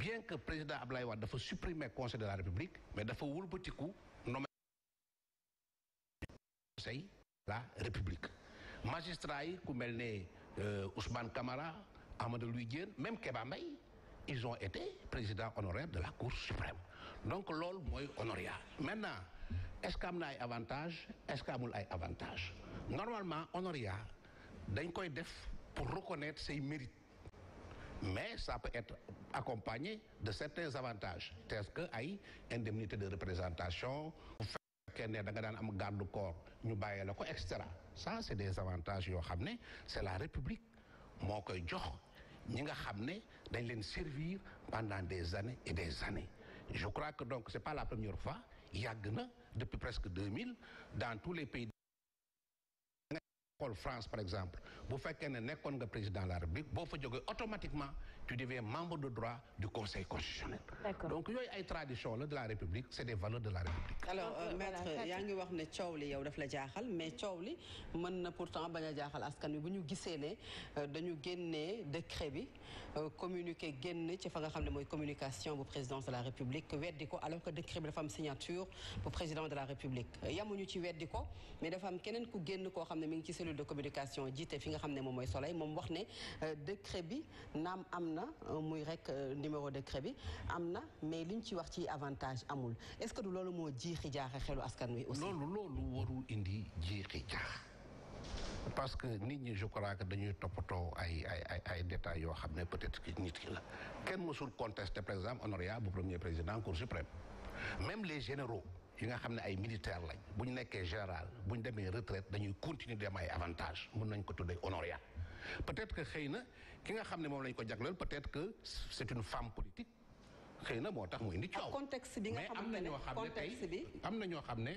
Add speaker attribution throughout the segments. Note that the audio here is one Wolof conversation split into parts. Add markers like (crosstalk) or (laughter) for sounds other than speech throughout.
Speaker 1: bien que président Ablaye Wade dafa supprimer conseil de la république mais dafa wëlbatiku de la république magistrat yi ku mel ne euh, Ousmane Camara Amadou Louis Diène même Kéba Mbaye ils ont été président honoraire de la cour suprême donc loolu mooy honoria maintenant est-ce que am na ay ay avantage normalement honoria dañ koy def pour reconnaître ses mérites mais ça peut être accompagné de certains avantages tels que ay indemnité de représentation bu fekkee ne da nga daan am garde corps ñu bàyyee la ko et cetera ça c'est des avantages yoo xam ne c'est la république moo koy jox ñi nga xam ne dañ leen servir pendant des années et des années je crois que donc c'est pas la première fois yàgg na depuis presque 2000 dans tous les pays xool France par exemple bu fekkee ne nekkoon nga président la République boo fa jógee automatiquement tu deviens membre de droit du conseil constitutionnel. donc yooyu ay tradition la de la République c' de la
Speaker 2: euh, euh, na pourtant bañ a jaaxal bu ñu gisee ne euh, dañu génnee décret bi communiqué génn ci fa nga xam ne mooy communication bu présidence de la République alors que décret bi dafa am signature bu président de la République yamuñu ci weddi ko mais dafa am keneen ku génn koo xam ne mi ngi ci cellule de communication jiite fi nga xam ne moom mooy soleil moom wax ne euh, décret bi naam am na euh, muy rek euh, numéro décret bi am na mais liñ ci wax ci avantage amul est-ce que du loolu moo jiixi jaaxe xelu askan wi aussi loolu
Speaker 1: loolu warul indi jiixi jaax parce que nit ñi je crois dañuy toppatoo ay ay ay ay détails yoo xam ne peut-être que nit ki la kenn mësul contester par exemple honoria bu premier président cour suprême même les généraux yi nga xam ne ay militaire lañ bu ñu nekkee général bu ñu demee retraite dañuy continuer di am ay avantage mun nañ ko tuddee honorariat peut-être que xëy na ki nga xam ne moom lañ ko jagleel peut-être que c'est une femme politique xëy na moo tax mu indi coow
Speaker 2: contexte bi nga xam ne contexte bi
Speaker 1: am na ñoo xam ne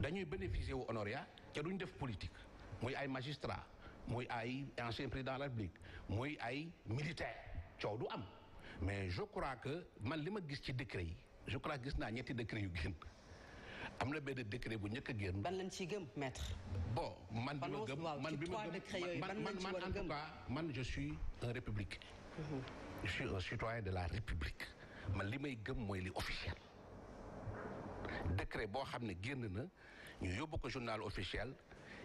Speaker 1: dañuy bénéficier wu honorariat ca ñu def politique muy ay magistrat muy ay ancien président de la République muy ay militaire coow du am mais je crois que man li ma gis ci décret yi je crois gis naa ñetti décret yu génn am na benn décret bu njëkk génn. ban lañ ci gëm maître. bon man ma man bi ma man man man en man je suis un république. Mhm. je de la république. man li may gëm mooy li officiel. décret boo xam ne génn na ñu yóbbu ko journal officiel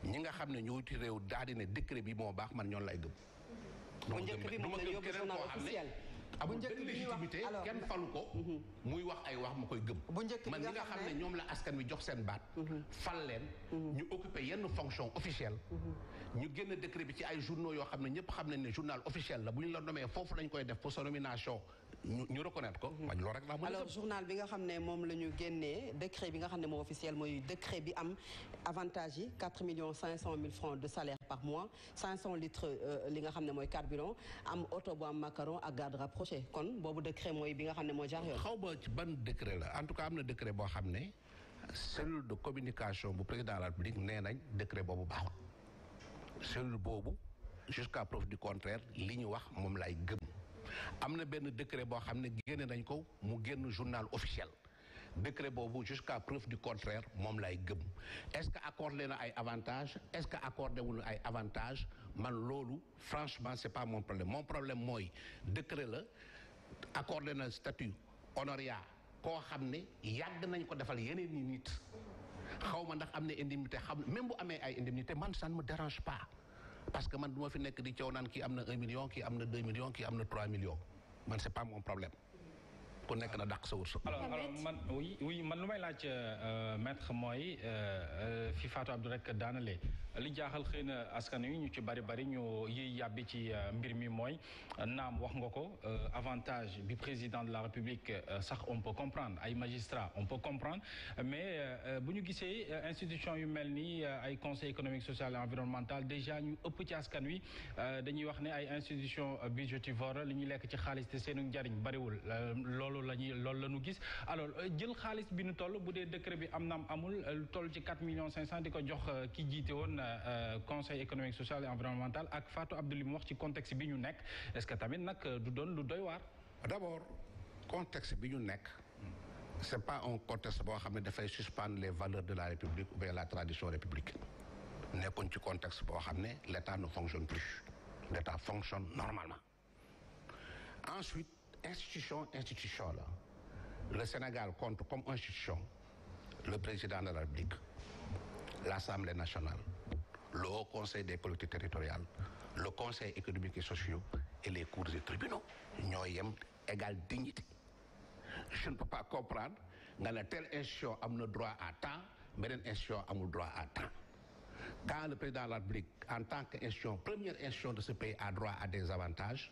Speaker 1: ñi nga xam ne ñoo ci réew daal di ne décret bi moo baax man ñoo lay gëm. bu njëkk bi moom la yóbbu journal officiel amul ah, benn légitimité kenn falu ko mhm. muy wax ay wax ma koy gëm ma ñi nga xam ne ñoom la askan wi jox seen baat mhm. fal leen mhm. ñu occupé yenn fonction officielle ñu génn décret bi ci ay journaux yoo xam ne ñëpp xam nañ ne journal officiel la bu ñu la nommé foofu lañ koy def pour sa nomination ñu ñu reconnaître ko. man hmm. loolu rek laa mën alors
Speaker 2: journal bi nga xam ne moom la ñu génnee décret bi nga xam ne moo officiel mooy décret bi am avantage yi 4 millions 500 mille francs de salaire par mois 500 litres euh, li nga xam ne mooy carburant am oto bu am macaron ak garde rapproché kon boobu décret mooy bi nga xam ne moo jaar yoon. xaw
Speaker 1: ma ci ban décret la en tout cas am na décret boo xam ne cellule de communication bu président de la République nee nañ décret boobu baaxul cellule boobu jusqu'à preuve du li ñu wax moom lay gëm. am na benn décret boo xam ne génne nañ ko mu génn journal officiel décret boobu jusqu'à preuve du contraire moom lay gëm est-ce que accordé na ay avantage est-ce que accordé wul ay avantage man loolu franchement c'est pas mon problème mon problème mooy décret la accordé na statut honoria koo xam ne yàgg nañ ko defal yeneen ñi nit xaw ma ndax am na indemnité xam même bu amee ay indemnité man ça ne me dérange pas parce que man du ma fi nekk di coow naan kii am na un million kii am na kii am na trois millions man c'est pas mon problème ku nekk na dàq sa wërsëg. alors alors
Speaker 3: man oui oui man lu may laaj euh, euh, maître mooy euh, fi Fatou Abdou rek daanale li jaaxal xëy na askan wi ñu ci bari bari ñu yiy yàbbi ci mbir mi mooy naam wax nga ko avantage bi président de la république sax on peut comprendre ay magistrats on peut comprendre mais bu ñu gisee institution yu mel ni ay conseil économique social et environnemental déjà ñu ëpp ci askan wi dañuy wax ne ay institution budgétivore li ñuy lekk ci xaalis te seenu njariñ bariwul loolu loolu la loolu la ñu gis alors euh, jël xaalis bi ñu toll bu dee décret bi am na am amul euh, lu toll ci 4 millions 500 di ko jox euh, ki jiite woon conseil économique social et environnemental ak Fatou Abdou li mu wax ci contexte bi ñu nekk est-ce que tamit nag du doon lu doy waar.
Speaker 1: d'abord bi ñu nekk. c'est pas un contexte boo xam ne dafay suspendre les valeurs de la république ou bien la tradition républicaine nekkoon ci contexte boo xam ne l'État ne fonctionne plus l'État fonctionne normalement ensuite institution institution la le Sénégal compte comme institution le président de la République l'Assemblée nationale le Haut Conseil des collectivités territoriales le Conseil économique et social et les cours et tribunaux ñoo yem égale dignité je ne peux pas comprendre nga ne telle institution am na droit à temps beneen institution amul droit à temps quand le président de la République en tant que institution première institution de ce pays a droit à des avantages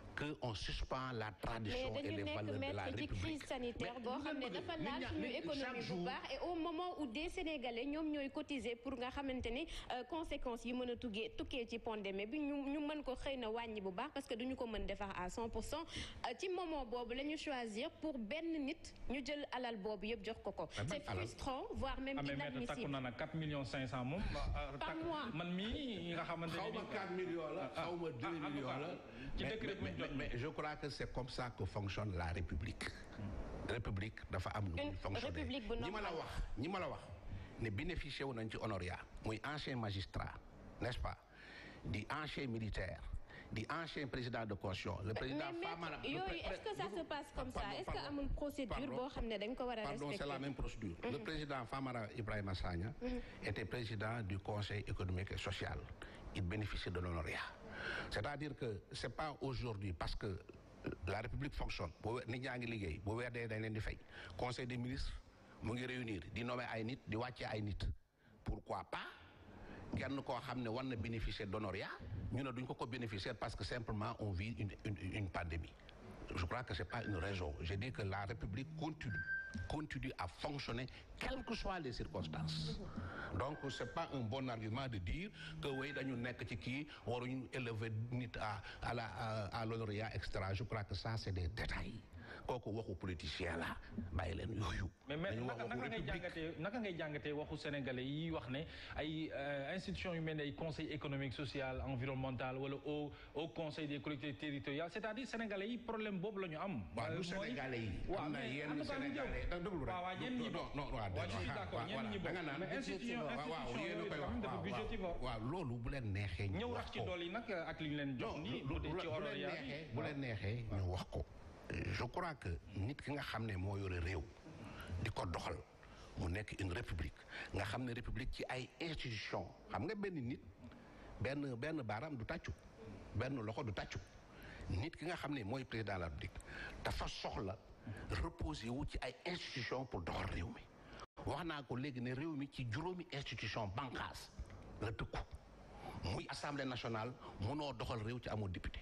Speaker 1: que on la tradition et mais dañu nekk
Speaker 4: ci crise sanitaire boo xam ne dafa laal suñu économie bu baax et au moment où des sénégalais ñoom ñooy cotiser pour nga xamante ni euh, conséquences yi mën a tuggee tukkee ci pandémie bi ñu ñu mën ko xëy na wàññi bu baax parce que duñu ko mën defar à 100 pour cent euh, ci moment boobu la ñu choisir pour benn nit ñu jël alal boobu yëpp jox ko ko. c'est frustrant voire même ah, inadmissible.
Speaker 3: na nag 4 millions 500 moom. par ah, ah, mois man mii nga xamante ne xaw ma 4
Speaker 1: millions la xaw ma mais je crois que c'est comme ça que fonctionne la république. république dafa am nu muy fonctionner ñi ma la wax ñi ma la wax ne bénéficié wu nañ ci honoria muy ancien magistrat n'est-ce pas di ancien militaire di ancien président de caution. le président Famara mais yooyu est-ce que ça dañ
Speaker 4: ko war la même
Speaker 1: procédure. le mhm. président Famara Ibrahima Sagna. Mhm. était président du conseil économique et social. il bénéficiait de l'honoria c'est-à-dire que c'est pas aujourd'hui parce que euh, la république fonctionne boo nit ñaa ngi liggéey bu weer dee dañ leen di fay conseil des ministres mu ngi réunir di nommer ay nit di wàccee ay nit pourquoi pas kenn koo xam ne war na bénéficier d'honoria ñu ne duñ ko ko bénéficier parce que simplement on vit une une une pandémie je crois que c'est pas une raison je dis que la république continue continue à fonctionner quelles que soient les circonstances donc c'est pas un bon argument de dire que oui dañu nekk ci kii waruñu élever nit à à la à l'honoria etc je crois que ça c'est des détails kooku waxu politicien la bàyyi leen yooyu. dañu wax waxu république mais mais naka ngay jàngatee naka ngay
Speaker 3: jàngatee waxu sénégalais yi wax ne ay euh, institutions yu mel ne ay conseil économique social environnemental wala au au conseil des collectivités territoriales c'est-à-dire sénégalais yi problème boobu la am. waaw euh,
Speaker 1: du yi. am na yenn sénégalais euh, déglu rek. waaw ñenn ñi ah, bokk waaw loolu bu leen neexee. ñëw rax ci dool yi nag ak li leen jox nii. bu leen neexee ñu wax ko je crois que nit ki nga xam ne moo yore réew di ko doxal mu nekk une république nga xam ne république ci ay institution xam nga benn nit benn benn baaraam du tàccu benn loxo du tàccu nit ki nga xam ne mooy président la république dafa soxla reposer wu ci ay institution pour doxal réew mi wax naa ko léegi ne réew mi ci juróomi institution bànqaas la tëkku muy assemblée nationale mënoo doxal réew ci amoo député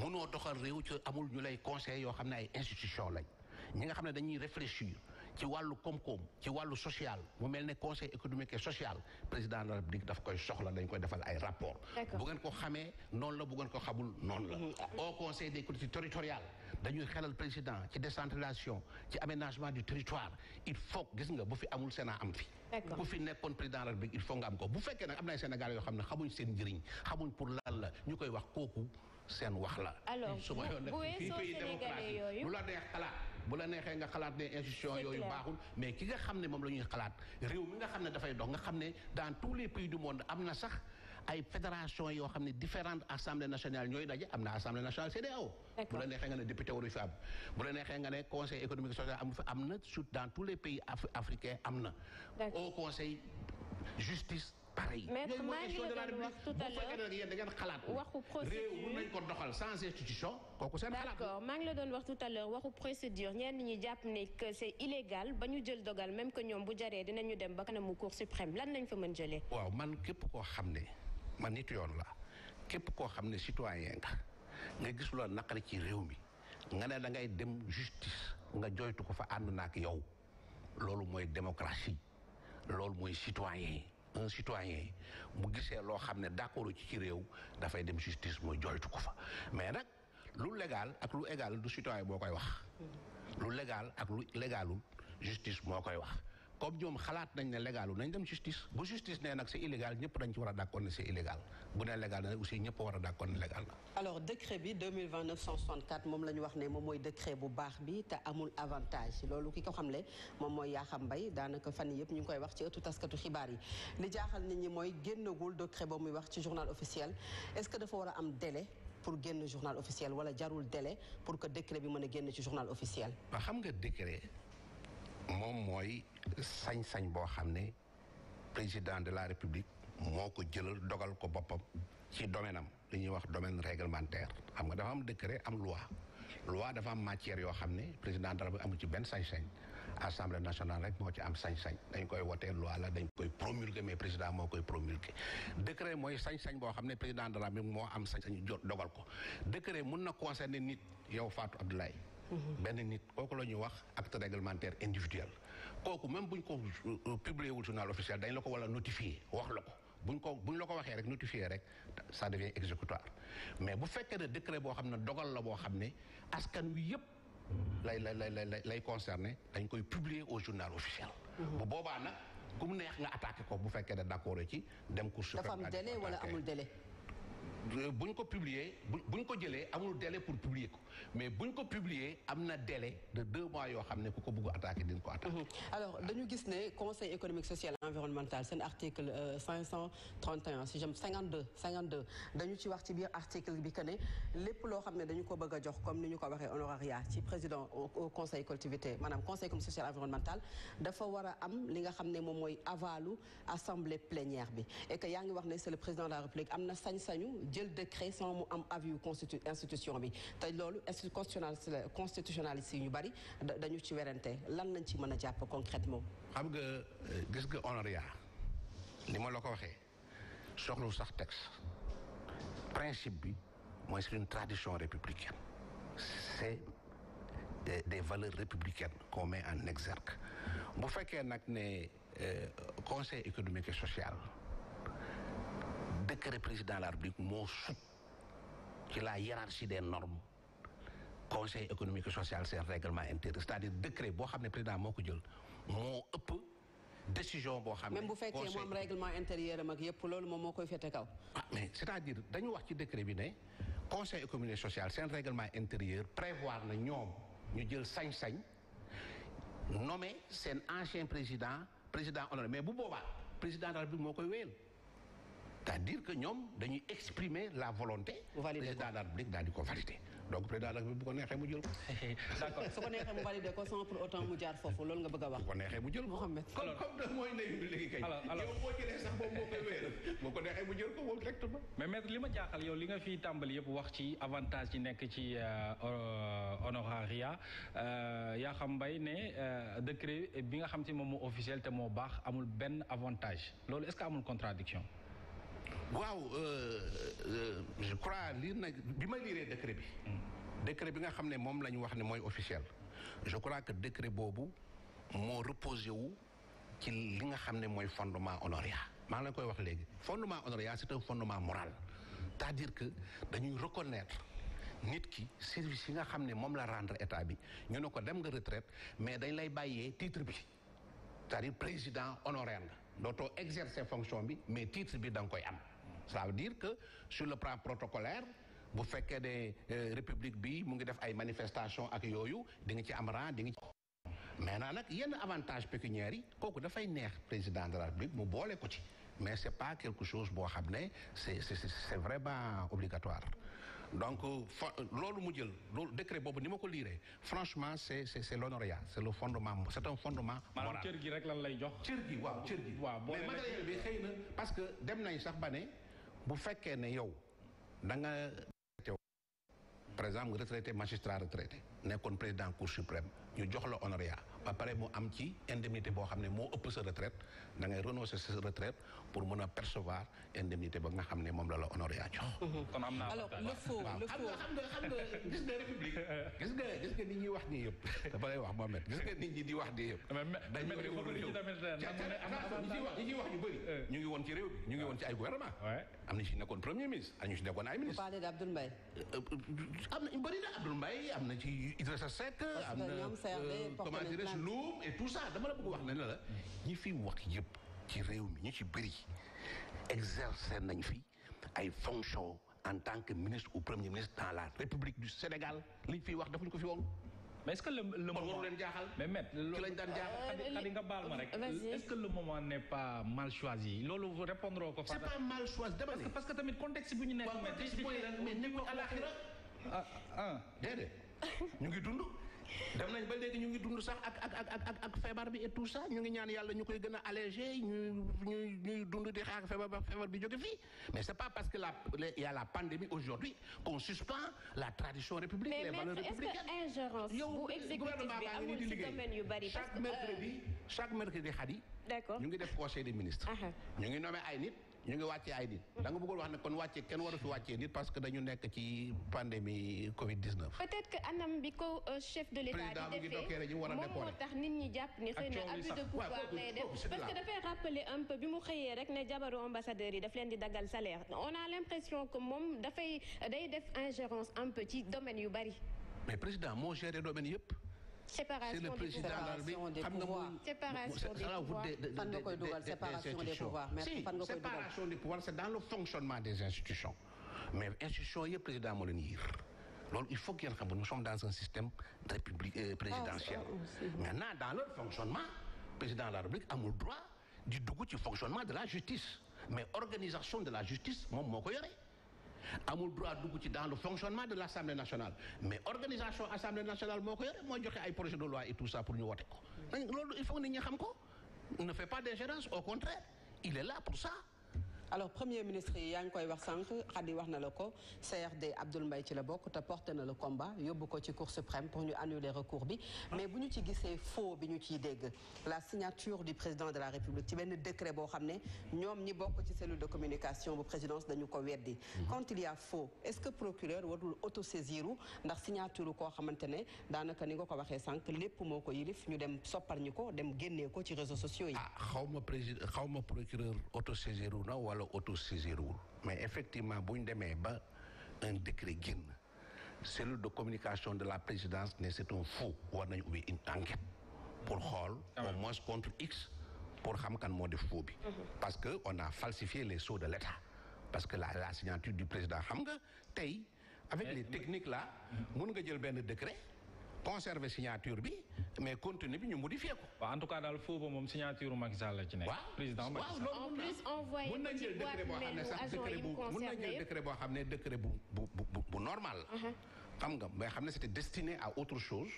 Speaker 1: mënoo doxal réew ci amul ñu lay conseil yoo xam ne ay institution lañ ñi nga xam ne dañuy réfléchir ci wàllu koom-koom ci wàllu social mu mel ni conseil économique social président de la république daf koy soxla dañ koy defal ay rapport bu ngeen ko xamee noon la bu ngeen ko xamul noonu la mm-hmm. au conseil des collectivités territoriales dañuy xelal président ci décentralisation ci aménagement du territoire il faut gis nga bu fi amul Sénat am fi bu fi nekkoon président de il faut am ko bu fekkee nag am na ay yoo xam ne xamuñ seen njëriñ xamuñ pour lan la ñu koy wax kooku seen wax la. alors su ma yoon bu la neex xalaat bu la neexee nga xalaat ne institution yooyu baaxul. mais ki nga xam ne moom la ñuy xalaat réew mi nga xam ne dafay dox nga xam ne dans tous les pays du monde am na sax ay fédération yoo xam ne différentes assemblées nationales ñooy daje am na assemblée nationale CEDEAO. bu la neexee nga ne député waru fi am bu la neexee nga ne conseil économique social am fi am na surtout dans tous les pays africains am na. au conseil pareil. maître maa ngi la doon wax
Speaker 4: tout à l'heure yéen da ngeen xalaat. waxu procédure maa ngi la doon wax tout à l'heure waxu procédure ñenn ñi jàpp ne que c'est illégal ba ñu jël dogal même que ñoom bu jaree dinañu dem ba kanamu cour suprême lan nañ fa mën jëlee.
Speaker 1: waaw man képp koo xam ne man nit yoon la képp koo xam ne citoyen nga nga gis loo naqari ci réew mi nga ne da ngay dem justice nga joytu ko fa ànd na ak yow loolu mooy démocratie loolu mooy citoyen un citoyen mu gisee loo xam ne d'accord ci ci réew dafay dem justice mooy jooytu ko fa mais nag lu légal ak lu égal du citoyen boo koy wax lu légal ak lu légalul justice moo koy wax comme ñoom xalaat nañ ne légalu nañ dem justice bu justice nee nag c'est illégal ñëpp dañ ci war a d'accord ne c'est illégal bu ne légal na aussi ñëpp war a d'accord ne légal la.
Speaker 2: alors décret bi 2020 964 moom la ñu moom mooy décret bu baax bi te amul avantage loolu ki ko xamle moom mooy Yakham Mbaye daanaka fan yii yëpp ñu ngi koy wax ci ëttu taskatu xibaar yi li jaaxal nit ñi mooy génnagul décret boobu muy wax ci journal officiel est-ce que dafa war a am délai. pour génn journal officiel wala jarul délai pour que décret bi mën a génn ci journal officiel.
Speaker 1: ba xam nga décret moom mooy sañ-sañ boo xam ne président de la république moo ko jëlal dogal ko boppam ci domaine am li ñuy wax domaine réglementaire xam nga dafa am décret am loi loi dafa am matière yoo xam ne président dara bi amul ci benn sañ-sañ assemblée nationale rek moo ci am sañ-sañ dañ koy wotee loi la dañ koy promulguer mais président moo koy promulguer décret mooy sañ-sañ boo xam ne président dara bi moo am sañ-sañ dogal ko décret mun na concerner nit yow Fatou Abdoulaye Mm-hmm. benn nit kooku la ñuy wax acte réglementaire individuel kooku même buñ ko euh, publier wul journal officiel dañ la ko wala notifier wax la ko buñ ko buñ la ko waxee rek notifier rek ça devient exécutoire mais bu fekkee ne décret boo xam ne dogal la boo xam ne askan wi yëpp lay lay lay lay lay concerné dañ koy publier au journal officiel. Mm-hmm. bu boobaa nag ku mu neex nga attaqué ko bu fekkee ne d'accord ci dem. cour suprême dafa am délai wala amul délai. Euh, buñ ko publier buñ ko jëlee amul délai pour publier ko. mais buñ ko publier am na délai de deux mois yoo xam ne ku ko bëgg attaqué dina ko
Speaker 2: attaqué. Mhm. alors dañu gis ne conseil économique social et environnemental seen article 531 euh, si jëm 52 52 dañu ci wax ci biir article bi que ne lépp loo xam ne dañu ko bëgg a jox comme ni ñu ko waxee honorariat ci président au conseil collectivité maanaam conseil économique social et environnemental dafa war a am li nga xam ne moom mooy avalu assemblée plénière bi et yaa ngi wax ne c'est le président la république am na sañ-sañu jël décret sans mu am avis institution bi te loolu institut constitutionnaliste constitutionnaliste yi ñu bari dañu ci werante lan lañ ci mën a jàpp concrètement
Speaker 1: xam nga euh, gis nga honoria li ma la ko waxee soxlu sax texte principe bi mooy c'est une tradition républicaine c'est des, des valeurs républicaines qu'on met en exergue bu fekkee nag ne euh, conseil économique et social décret président de la République moo sut ci la hiérarchie des normes conseil économique et social seen règlement intérieur c'est-à-dire décret boo xam ne président moo ko jël moo ëpp décision boo xam ne. même bu fekkee moom règlement
Speaker 2: intérieur am ak yëpp loolu moom moo koy fete kaw.
Speaker 1: ah mais c'est-à-dire dañu wax ci décret bi ne conseil économique et social seen règlement intérieur prévoir na ñoom ñu jël sañ-sañ nommer seen ancien président président honoré mais bu boobaa président de la République moo koy wéyal. c'est-à-dire que ñoom dañuy exprimer la volonté. président de la République daal di ko valider. donc président bu ko neexee mu jël ko. (laughs) d' accord
Speaker 2: su ko neexee mu validé ko sans pour autant mu jaar foofu loolu nga bëgg a wax. bu ko neexee mu jël ko Mouhamed. alors
Speaker 1: comme comme mooy ndeyum
Speaker 3: bi léegi kay. alors alors yow
Speaker 1: boo jëlee sax boobu moo koy wéyal boo ko neexee mu jël ko moom directement.
Speaker 3: mais maître li ma jaaxal yow li nga fi tàmbali yëpp wax ci avantage yi nekk ci euh, honoraria euh, yaa xam mbay ne euh, décret bi nga xam te moom moo officiel te moo baax amul benn avantage loolu est ce que amul contradiction
Speaker 1: waaw euh, euh, je crois lire nag bi ma liiree décret bi. décret bi nga xam ne moom la ñu wax ne mooy officiel. je crois que décret boobu moo reposé wu ci li nga xam ne mooy fondement honoria maa ngi la koy wax léegi fondement honoria c'est un fondement moral c'est-à-dire que dañuy reconnaître nit ki service yi nga xam ne moom la rendre état bi ñu ne ko dem nga retraite mais dañ lay bàyyee titre bi c'est-à-dire président honoraire nga dootoo exercer fonction bi mais titre bi da nga koy am ça veut dire que sur le plan protocolaire bu fekkee ne euh, république bi mu ngi def ay manifestation ak yooyu di nga ci am rang di nga mais maintenant nag yenn avantage pécuniaires yi kooku dafay neex président de la république mu boolee ko ci mais c'est pas quelque chose boo xam ne c'est vraiment obligatoire donc euh, euh, loolu mu jël loolu décret boobu ni ma ko liiree franchement c'est c'est c'est l'honoria c'est le fondement c'est un fondement moral maanaam cër gi rek lan lay jox cër gi waaw cër gi waaw parce que dem nañ sax ba bu fekkee ne yow da nga retraité par exemple retraité magistrat retraité nekkoon président cour suprême ñu jox la honoraire ba pare mu am ci indemnité boo xam ne moo ëpp sa retraite da ngay renoncer sa retraite pour mën a percevoir indemnité ba nga xam ne moom la la honoré a (laughs) jox. kon am naa alors le faux le faux xam nga xam nga gis nga république gis nga gis nga nit ñi wax nii yëpp (laughs) dafa lay wax Mohamed gis nga nit ñi di wax nii yëpp. dañu war a war a ñëw ñi ñuy wax ñu bëri. Euh. ñu ngi woon ci réew bi ñu ngi woon ci ay gouvernement. am na ci nekkoon premier ministre am na ci nekkoon ay ministre. bu Abdoul Mbaye. Euh, am na bëri na Abdoul Mbaye am na ci Idrissa Seck. am na euh, comment dirais-je Loum et tout ça dama la bëgg wax ne la ñi fi wax yëpp. ci réew mi ñu ci bëri nañ fi ay fonctions en tant que ministre ou premier ministre dans la république du Sénégal liñ fiy wax defuñ ko fi woon. mais est-ce que le moment leen jaaxal. mais maître lañ daan jaaxal. xadi euh, nga baal ma rek. Euh, est-ce
Speaker 3: que n'est pas mal choisi. loolu répondre ko. c'est mal choisi dama ne. parce que tamit contexte bu ñu nekk. mais contexte booy mais ñu ngi àlaxira
Speaker 1: ah ah déedéet (laughs) ñu ngi dund. dem nañ ba léegi ñu ngi dund sax ak ak ak ak feebar bi et tout ça ñu ngi ñaan yàlla ñu koy gën a allégé ñu ñuy ñuy dund di xaar feebar feebar bi jóge fii mais c'est pas parce que la il y a la pandémie aujourd'hui qu'on suspend la tradition républicaine les valeurs républicaines
Speaker 4: yu bari chaque euh, mercredi
Speaker 1: chaque mercredi xadi. d'accord ñu ngi def conseil des ministres. Uh-huh. ñu ngi nommé ay nit. ñu ngi wàccee ay nit. Mm. da nga bëggoon wax ne kon wàcce kenn waru fi wàccee nit parce que dañu nekk ci pandémie Covid 19.
Speaker 4: peut-être que anam bi ko euh, chef de l'État di defee moom moo tax nit ñi jàpp ni xëy na abus de pouvoir lay def parce que dafay rappeler un peu bi mu xëyee rek ne jabaru ambassadeur yi daf leen di daggal salaire on a l'impression que moom dafay day def ingérence un peu ci domaine yu bari.
Speaker 1: mais président moo géré doomaine yëpp.
Speaker 4: séparation des pouvoirs
Speaker 1: séparation des pouvoirs fan nga koy dugal séparation des pouvoirs mais séparation des pouvoirs c'est dans le fonctionnement des institutions mais institutions yëpp président moo loolu il faut que yéen xam nga nous sommes dans un système république euh, présidentiel ah, maintenant dans leur fonctionnement président de la République amul droit di dugg ci fonctionnement de la justice mais organisation de la justice moom moo ko yore amul droit dugg ci dans le fonctionnement de l' assemblée nationale mais organisation assemblée nationale moo ko yore moo joxe ay projet de loi et tout ça pour ñu wote ko il faut nit ñi xam ko ne fait pas d'ingérence au
Speaker 2: contraire il est là pour ça alors premier ministre yi yaa ngi koy wax sànq Khady wax na la ko CRD Abdoul mbay ci la bokk te porté na le combat yóbbu ko ci cour suprême pour ñu annuler recours bi mais bu ñu ci gisee faux bi ñu ciy dégg la signature du président de la république ci benn décret boo xam ne ñoom ñi bokk ci cellule de communication bu présidence dañu ko weddi quand il y a est-ce que procureur warul autosaisir ndax signature koo xamante ne daanaka ni nga ko waxee sànq lépp moo ko yilif ñu dem soppar ñu ko dem génnee ko ci réseaux sociaux yi ah,
Speaker 1: xaw ma président xaw ma procureur autosaisir na wala wala autosaisir wul mais effectivement bu demee ba un décret génn cellule de communication de la présidence ne c'est un faux war nañu ubbi une enquête pour xool ah au moins contre x pour xam kan moo def faux bi mhm. parce que on a falsifié les sceaux de l'État parce que la la signature du président xam nga tey avec eh, les techniques la mhm. mun nga jël benn décret conserver signature bi mais contenu bi ñu modifié ko. waaw en tout cas daal foofu moom signature Macky la ci nekk. président
Speaker 3: Macky Sall
Speaker 4: waaw en plus envoyé mu concerné mën boo
Speaker 1: xam ne décret bu bu bu normal. Uh-huh. xam nga mais xam ne c'était destiné à autre chose.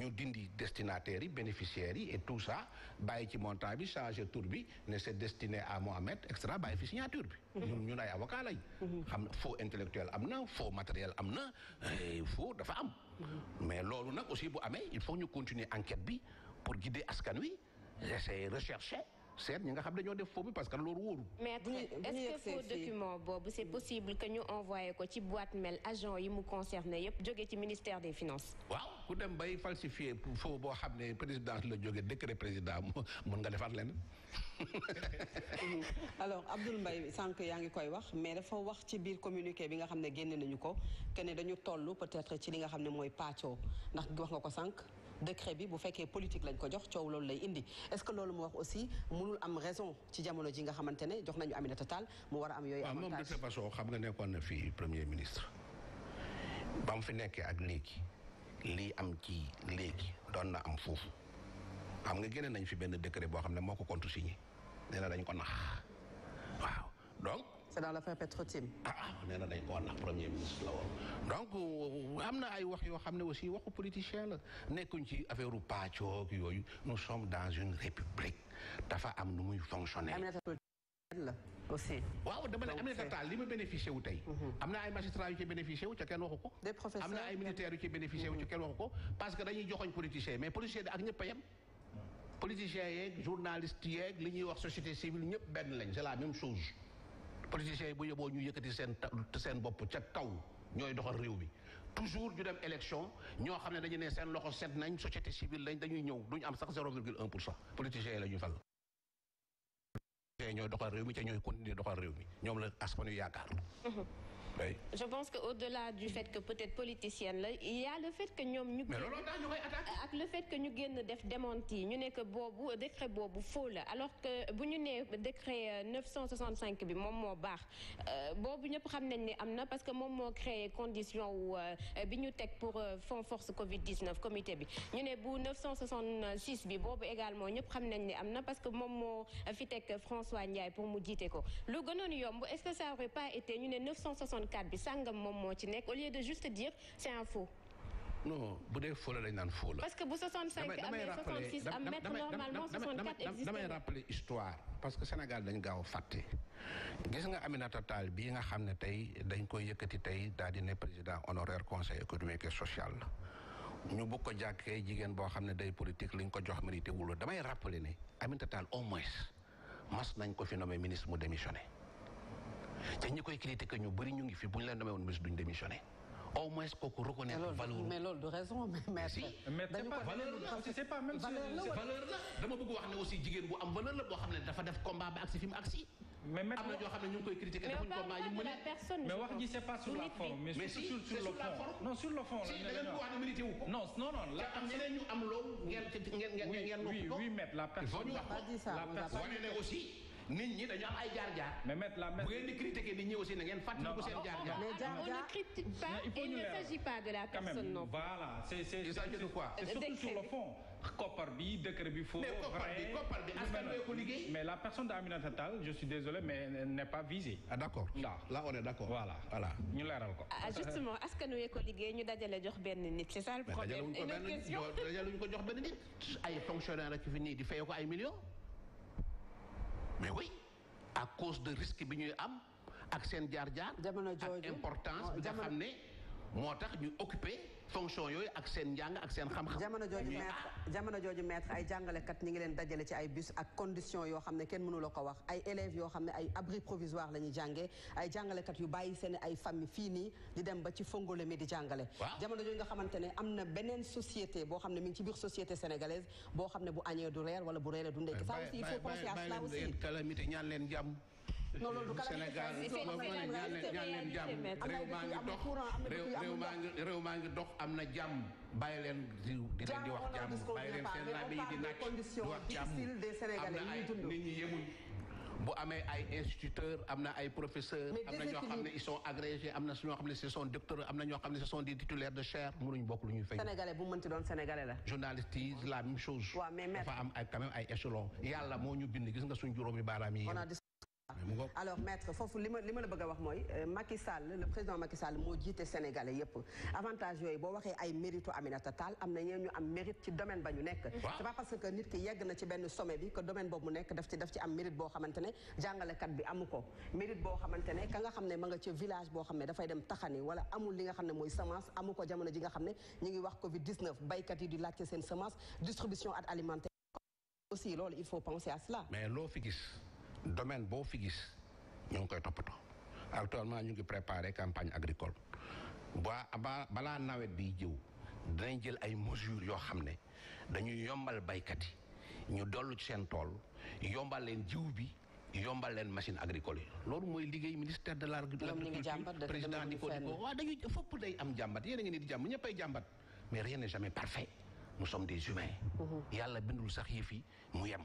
Speaker 1: ñu dindi destinataires yi bénéficiaires yi et tout ça bàyyi ci montant bi changé tour bi ne c'est destiné à Mohamed extra bàyyi fi signature bi. Uh-huh. ñun ñun ay avocat lañ. Uh-huh. xam faux intellectuel am na faux matériel am na faux dafa am. Mm-hmm. mais loolu nag aussi bu amee il faut ñu continuer enquête bi pour guider askan wi essayer rechercher seet ñi nga xam dañoo def faux bi parce que loolu wóoru
Speaker 4: maître est-ce document boobu c'est possible que ñu envoyé ko ci boîte mail agent yi mu concerné yëpp jóge ci ministère des finances
Speaker 1: waaw ku dem bay falsifié faux boo xam ne présidence la jóge décret président (laughs) mën nga defaat lenn
Speaker 2: (laughs) alors Abdoul Mbaye sànq yaa ngi koy wax mais dafa wax ci biir communiqué bi nga xam ne génne nañu ko que dañu toll peut-être ci li nga xam ne mooy paccoo ndax wax nga ko sànq décret bi bu fekkee politique lañ ko jox coow loolu lay indi est-ce que loolu mu wax aussi mënul am raison ci jamono ji nga xamante ne jox nañu Aminata Tall mu war a am yooyu. avantage waaw moom de toute
Speaker 1: façon xam nga nekkoon na fi premier ministre ba mu fi nekkee ak léegi lii am ci léegi doon na am foofu xam nga génne nañ fi benn décret boo xam ne moo ko contresigné nee na dañ ko nax waaw
Speaker 2: c'est dans l'affaire Petrotim.
Speaker 1: ah, ah na euh, am na ay wax yoo xam ne aussi waxu politicien la nekkuñ ci affaire u pàccoo yooyu nous sommes dans une dafa am nu muy
Speaker 2: fonctionner. la aussi.
Speaker 1: waaw dama li mu bénéficié wu tey. Mhm. am na ay magistrats yu ci bénéficié wu ca kenn waxu ko. des professeurs am na ay militaires yu ci bénéficié wu ca mhm. kenn waxu ko parce que dañuy joxoñ politiciens mais politiciens ak ñëpp a yem. politiciens yeeg journalistes yeeg li ñuy wax société civile ñëpp benn lañ c'est la même chose. politiciens yi bu yóbboo ñu yëkkati seen seen bopp ca kaw ñooy doxal réew mi toujours ñu dem élection ñoo xam ne dañu ne seen loxo set nañ société civile lañ dañuy ñëw ñu am sax zéro virgule un pour cent politiciens yi la ñuy fal. ñooy doxal réew mi ca ñooy continuer doxal réew mi ñoom la askan yaakaar. Mm-hmm. oui.
Speaker 4: je pense que au-delà du fait que peut-être politicienne la il y a le fait que ñoom ñu. mais ak le fait que ñu génn def démenti ñu nekk que boobu décret boobu faux la alors que bu ñu nee décret 965 euh, bi moom moo baax euh, boobu ñëpp xam nañ ni am na parce que moom moo créé condition wu euh, bi ñu teg pour fonds force Covid 19 comité bi ñu ne bu 966 bi boobu également ñëpp xam nañ ni am na parce que moom moo fi teg François Ndiaye pour mu jiite ko lu gënoon yomb est-ce que ça aurait pas été ñu ne alkaat bi sàngam moom moo ci nekk au lieu de juste dire c'est un faux.
Speaker 1: non bu dee faux la naan faux
Speaker 4: la. parce que bu 65 amee 66 am mètre normalement 64 existe damay rappeler
Speaker 1: histoire parce que Sénégal dañu gaaw a fàtte. gis nga Aminata Tall bii nga xam ne tey dañ koy yëkkati tey daal di ne président honoraire conseil économique et social la. ñu bugg ko jàkkee jigéen boo xam ne day politique liñ ko jox mérité wul damay rappeler ne Aminata Tall au moins mas nañ ko fi nommé ministre mu démissionné. te ñi koy critiquer ñu bëri ñu ngi fi bu ñu leen demee woon ministre duñ démissionné au moins kooku reconnaître la
Speaker 2: dama bëgg
Speaker 1: wax ne aussi jigéen bu am valeur la boo xam ne dafa def combat bi agsi fi mu agsi mais maintenant am na ñoo xam ne ñu koy critiquer
Speaker 3: defuñu combat yi
Speaker 4: mais wax sur la forme mais sur le
Speaker 3: fond non sur le fond si da ngeen ko wax ne milité wu ko non non non la am
Speaker 1: ñeneen ñu am loolu ngeen ngeen ngeen ngeen oui oui mais la personne la nit
Speaker 3: ñi dañu am ay jaar-jaar. mais maître la maître bu ngeen di critiquer nit ñi aussi na ngeen fàttaliku seen jaar-jaar. mais jaar-jaar
Speaker 4: on ne critique pas et il ne s'agit pas de la personne non.
Speaker 3: voilà c'est c'est il s'agit de quoi. c'est surtout sur le fond. koppar bi décret bi faux. mais koppar bi koppar bi askan bi ko liggéey. mais la personne d'Aminata Tall je suis désolé mais n'est pas visée. ah d'accord là on est d'accord. voilà voilà ñu leeral ko. ah justement
Speaker 4: askan wi ko liggéey ñu dajale jox benn nit. c'est ça le problème une question
Speaker 1: dajaluñu ko benn nit. ay fonctionnaires ak fi nii di fay ko ay millions. mais oui à cause de risque bi ñuy am ak seen jaar-jaar. jamono jooju ak importance bi nga oh, xam ne moo tax ñu occupé. fonction yooyu ak seen njàng ak seen xam-xam. jamono jooju maître ah.
Speaker 2: jamono jooju maître ay jàngalekat ñi ngi leen dajale ci ay bus ak condition yoo xam ne kenn mënu la ko wax ay élèves yoo xam ne ay abri provisoire la ñuy jàngee ay jàngalekat yu bàyyi seen ay famille fii nii di dem ba ci fongole mi di jàngale. jamono jooju nga xamante ne am na beneen société boo xam ne mi ngi ci biir société sénégalaise boo xam ne bu añee du reer wala bu reere du ndekki. ça aussi il faut
Speaker 1: ñaan leen jàmm
Speaker 2: non loolu (laughs) du Sénégal ñaan leen ñaan leen réew maa ngi dox réew maa
Speaker 1: ngi réew maa ngi dox am na jàmm bàyyi leen di leen di wax jàmm bàyyi di naaj wax jàmm am na ay nit ñi bu amee ay instituteurs am na ay professeurs am na ñoo xam ne ils sont am na ñoo xam ne ce am na ñoo xam ne ce sont des titulaires de chaire mënuñ bokk lu ñuy fay.
Speaker 2: sénégalais bu mënti doon sénégalais la.
Speaker 1: journaliste yi la même chose. waaw dafa am ay quand ay échelons. yàlla moo ñu bind gis nga suñ juróomi baaraam yi.
Speaker 2: alors maître foofu li ma li ma la bëgg a wax mooy euh, Macky Sall le président Macky Sall moo jiite sénégalais yépp avantage yooyu boo waxee ay mérite Aminata Tall am na ñeen ñu am mérite ci domaine ba ñu nekk c'est pas parce que nit ki yegg na ci benn sommet bi que domaine boobu mu nekk daf ci daf ci am mérite boo xamante ne jàngalekat bi amu ko mérite boo xamante ne ka nga xam ne ma nga ci village boo xam ne dafay dem taxani wala amul li nga xam ne mooy semence amu ko jamono ji nga ne ngi wax covid 19 baykat yi di laajte seen semence distribution alimentaire loolu il faut penser à cela
Speaker 1: domaine boo fi gis ñu ngi koy toppatoo actuellement ñu ngi préparer campagne agricole ba balaa nawet bi jiw danañ jël ay mesures yoo xam ne dañuy yombal baykat yi ñu dollu ci seen tool yombal leen jiw bi yombal leen machine agricole yi loolu mooy liggéey ministère de l'agriculture président di ko di ko waaw dañuy fopp day am jàmbat yéen a ngi ni di jàmb ñëppay jàmbat mais rien n'est jamais parfait nous sommes des humains mmh. yàlla bindul sax yi fi mu yem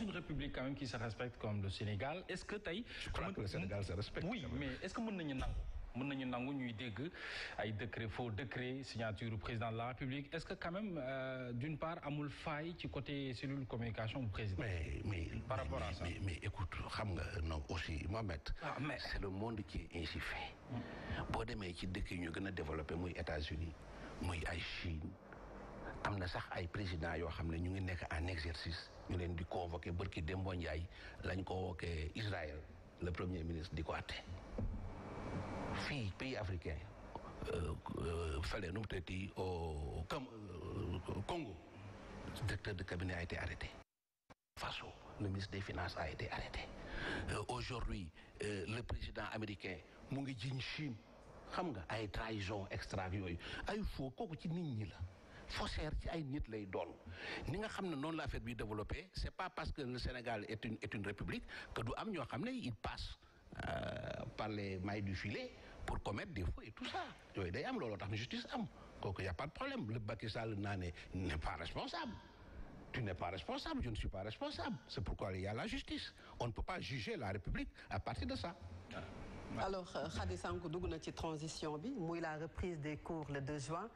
Speaker 1: une république quand même qui se respecte comme le
Speaker 3: Sénégal est-ce que tey. je crois que le Sénégal se respecte. oui mais est-ce que mën nañu nangu. mën nañu nangu ñuy dégg ay décret foo décret signature président de la République est-ce que quand même euh, d'une part amul faille ci côté cellule communication président. mais par rapport à ça mais mais écoute
Speaker 1: xam nga non aussi Mohamed. ah mais c'est le monde qui est ainsi hmm. boo demee ci dëkk yi ñu gën a développé muy États-Unis muy ay Chine. am na sax ay président yoo xam ne ñu ngi nekk en exercice ñu leen di convoqué bërki Dembo Ndiaye lañ ko wookee Israël le premier ministre di ko ate fi pays africain euh, fale nu mu tëddi au euh, Congo directeur de cabinet a été arrêté Faso le ministre des finances a été arrêté euh, aujourd'hui le président américain mu ngi jiñ Chine xam nga ay trahison extra yooyu ay faux kooku ci nit ñi la faussaire ci ay nit lay doon ni nga xam ne noonu la affaire bi développé c'est pas parce que le Sénégal est une est une république que du am ñoo xam ne il passe euh, par les mailles du filet pour commettre des fautes tout ça yooyu day am looloo tax na am kooku y a pas de problème le naa ne n'est pas responsable tu n'es pas responsable je ne suis pas responsable c'est pourquoi il y a la justice on ne peut pas juger la République à partir de ça
Speaker 2: alors euh, Khady Sanko dugg na ci transition bi muy la reprise des cours le 2 juin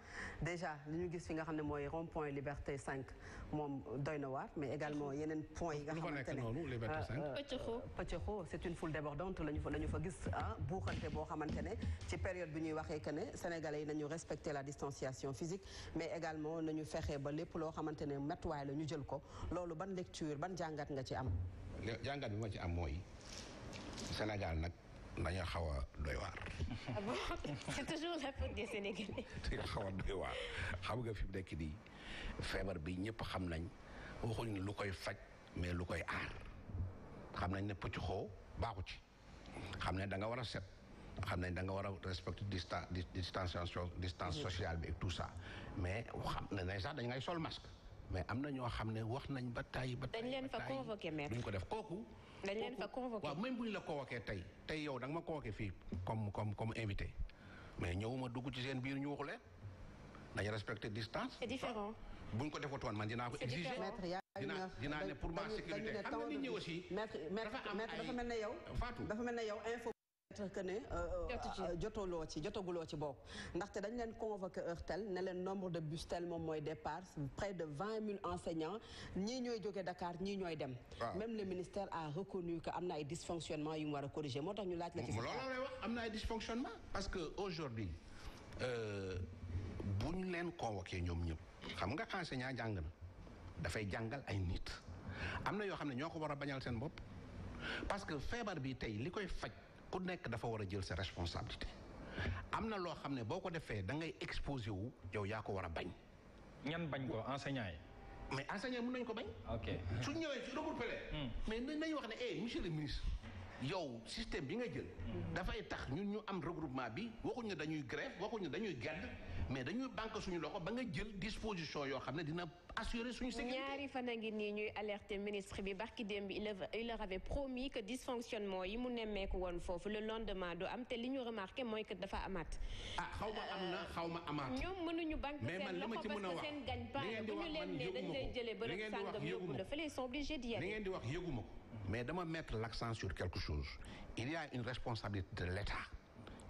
Speaker 2: déjà li ñu gis fi nga xam ne mooy rond point Liberté cinq moom doy na waar mais également yeneen point yi nga xamante ne euh, pëccëxoo euh, c'est une foule débordante lañu fa lañu fa gis ah buuxante boo xamante ne ci période bi ñuy waxee que ne sénégalais yi nañu respecter la distanciation physique mais également nañu fexe ba lépp loo xamante ne matuwaay la ñu jël ko loolu ban lecture ban jàngat nga ci am
Speaker 1: jàngat bi ma ci am mooy Sénégal nag dañoo xaw a doy waar.
Speaker 2: Ah xaw
Speaker 4: a doy
Speaker 1: waar xam nga fi mu nekk nii feebar bi ñëpp xam nañ waxuñ lu koy faj mais lu koy aar xam nañ ne puccu xoo baaxu ci xam ne da nga war a set. xam nañ da nga war a respecter distance distanciation distance sociale bi et tout ça mais xam ne nañ sax dañ ngay sol masque mais am na ñoo xam ne wax nañ ba tàyyi ba tàyyi dañ leen fa convoqué
Speaker 4: ko def kooku dañ leen fa convoqué waaw
Speaker 1: même bu ñu la convoqué tey tey yow da nga ma convoqué fii comme comme comme invité mais ñëwuma dugg ci seen biir ñu waxu leen distance. c'est différent bu ñu ko defatuwoon
Speaker 2: man dinaa ko exiger. dinaa ne pour ma sécurité xam nga nit ñi aussi. dafa am ay maître dafa mel ne yow. Fatou dafa que ne euh, euh, jotooloo euh, ci jotaguloo ci bokk ndaxte dañ leen convoqué heure tel ne leen nombre de bus tel moom mooy départ près de vingt mille enseignants ñii ñooy jóge Dakar ñii ñooy dem ah. même le ministère a reconnu am na ay dysfonctionnement yu mu war a corriger moo tax ñu laaj la ci loolu lay
Speaker 1: wax am na ay dysfonctionnement parce que aujourd'hui bu ñu leen convoqué ñoom ñëpp xam nga enseignant jàng na dafay jàngal ay nit am na yoo xam ne ñoo ko war a bañal seen bopp parce que feebar bi tey li koy faj bu nekk dafa war a jël sa responsabilité am na loo xam ne boo ko defee dangay ngay exposé wu yow yaa ko war a bañ. ñan bañ ko enseignant yi. mais enseignant yi mën nañ ko bañ. ok su ñëwee su regroupé. Hmm. mais nañ wax ne eh monsieur le ministre. yow système bi nga jël. Hmm. dafay tax ñun ñu am regroupement bi waxuñu ne dañuy grève waxuñu ne dañuy gedd mais dañuy banque suñu loxo ba nga jël disposition yoo xam ne dina assurer suñu sécurité.
Speaker 4: ñaari fan a ngi nii ñuy alerter ministre bi barki démb bi il leur avait promis que dysfonctionnement yi mu nemmeeku woon foofu le lendemain du am te li ñu remarqué mooy que dafa amaat.
Speaker 1: ah xaw ma am na xaw ma amaat.
Speaker 4: ñoom mënuñu banque seen loxo parce que seen gagne-pain bu ñu leen ne dañ lay jëlee bërëb sàngam yóbbu la fële ils sont obligés d'y aller. li ngeen
Speaker 1: di wax yëguma ko. mais dama mettre l'accent sur quelque chose il y a une responsabilité de l'État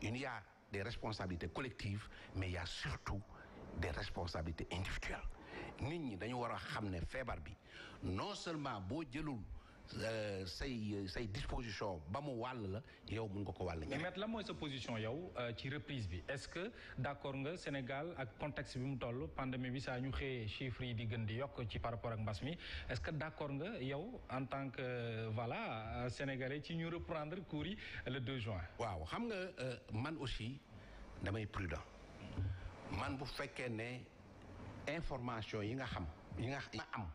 Speaker 1: il a des responsabilités collectives mais il y a surtout des responsabilités individuelles nit ñi dañu war a xam ne feebar bi non seulement boo jëlul Euh, say euh, say disposition ba mu wàll la yow mun nga ko wàll. mais
Speaker 3: maître la mooy sa position yow euh, ci reprise bi est-ce que d'accord nga Sénégal ak contexte bi mu toll pandémie bi saa ñu xëyee chiffres yi di gën di yokk ci par rapport ak mbas mi est-ce que d'accord nga yow en tant que voilà sénégalais
Speaker 1: ci ñu reprendre cours yi le 2 juin. waaw xam nga man aussi damay prudent man bu fekkee ne information yi nga xam yi nga am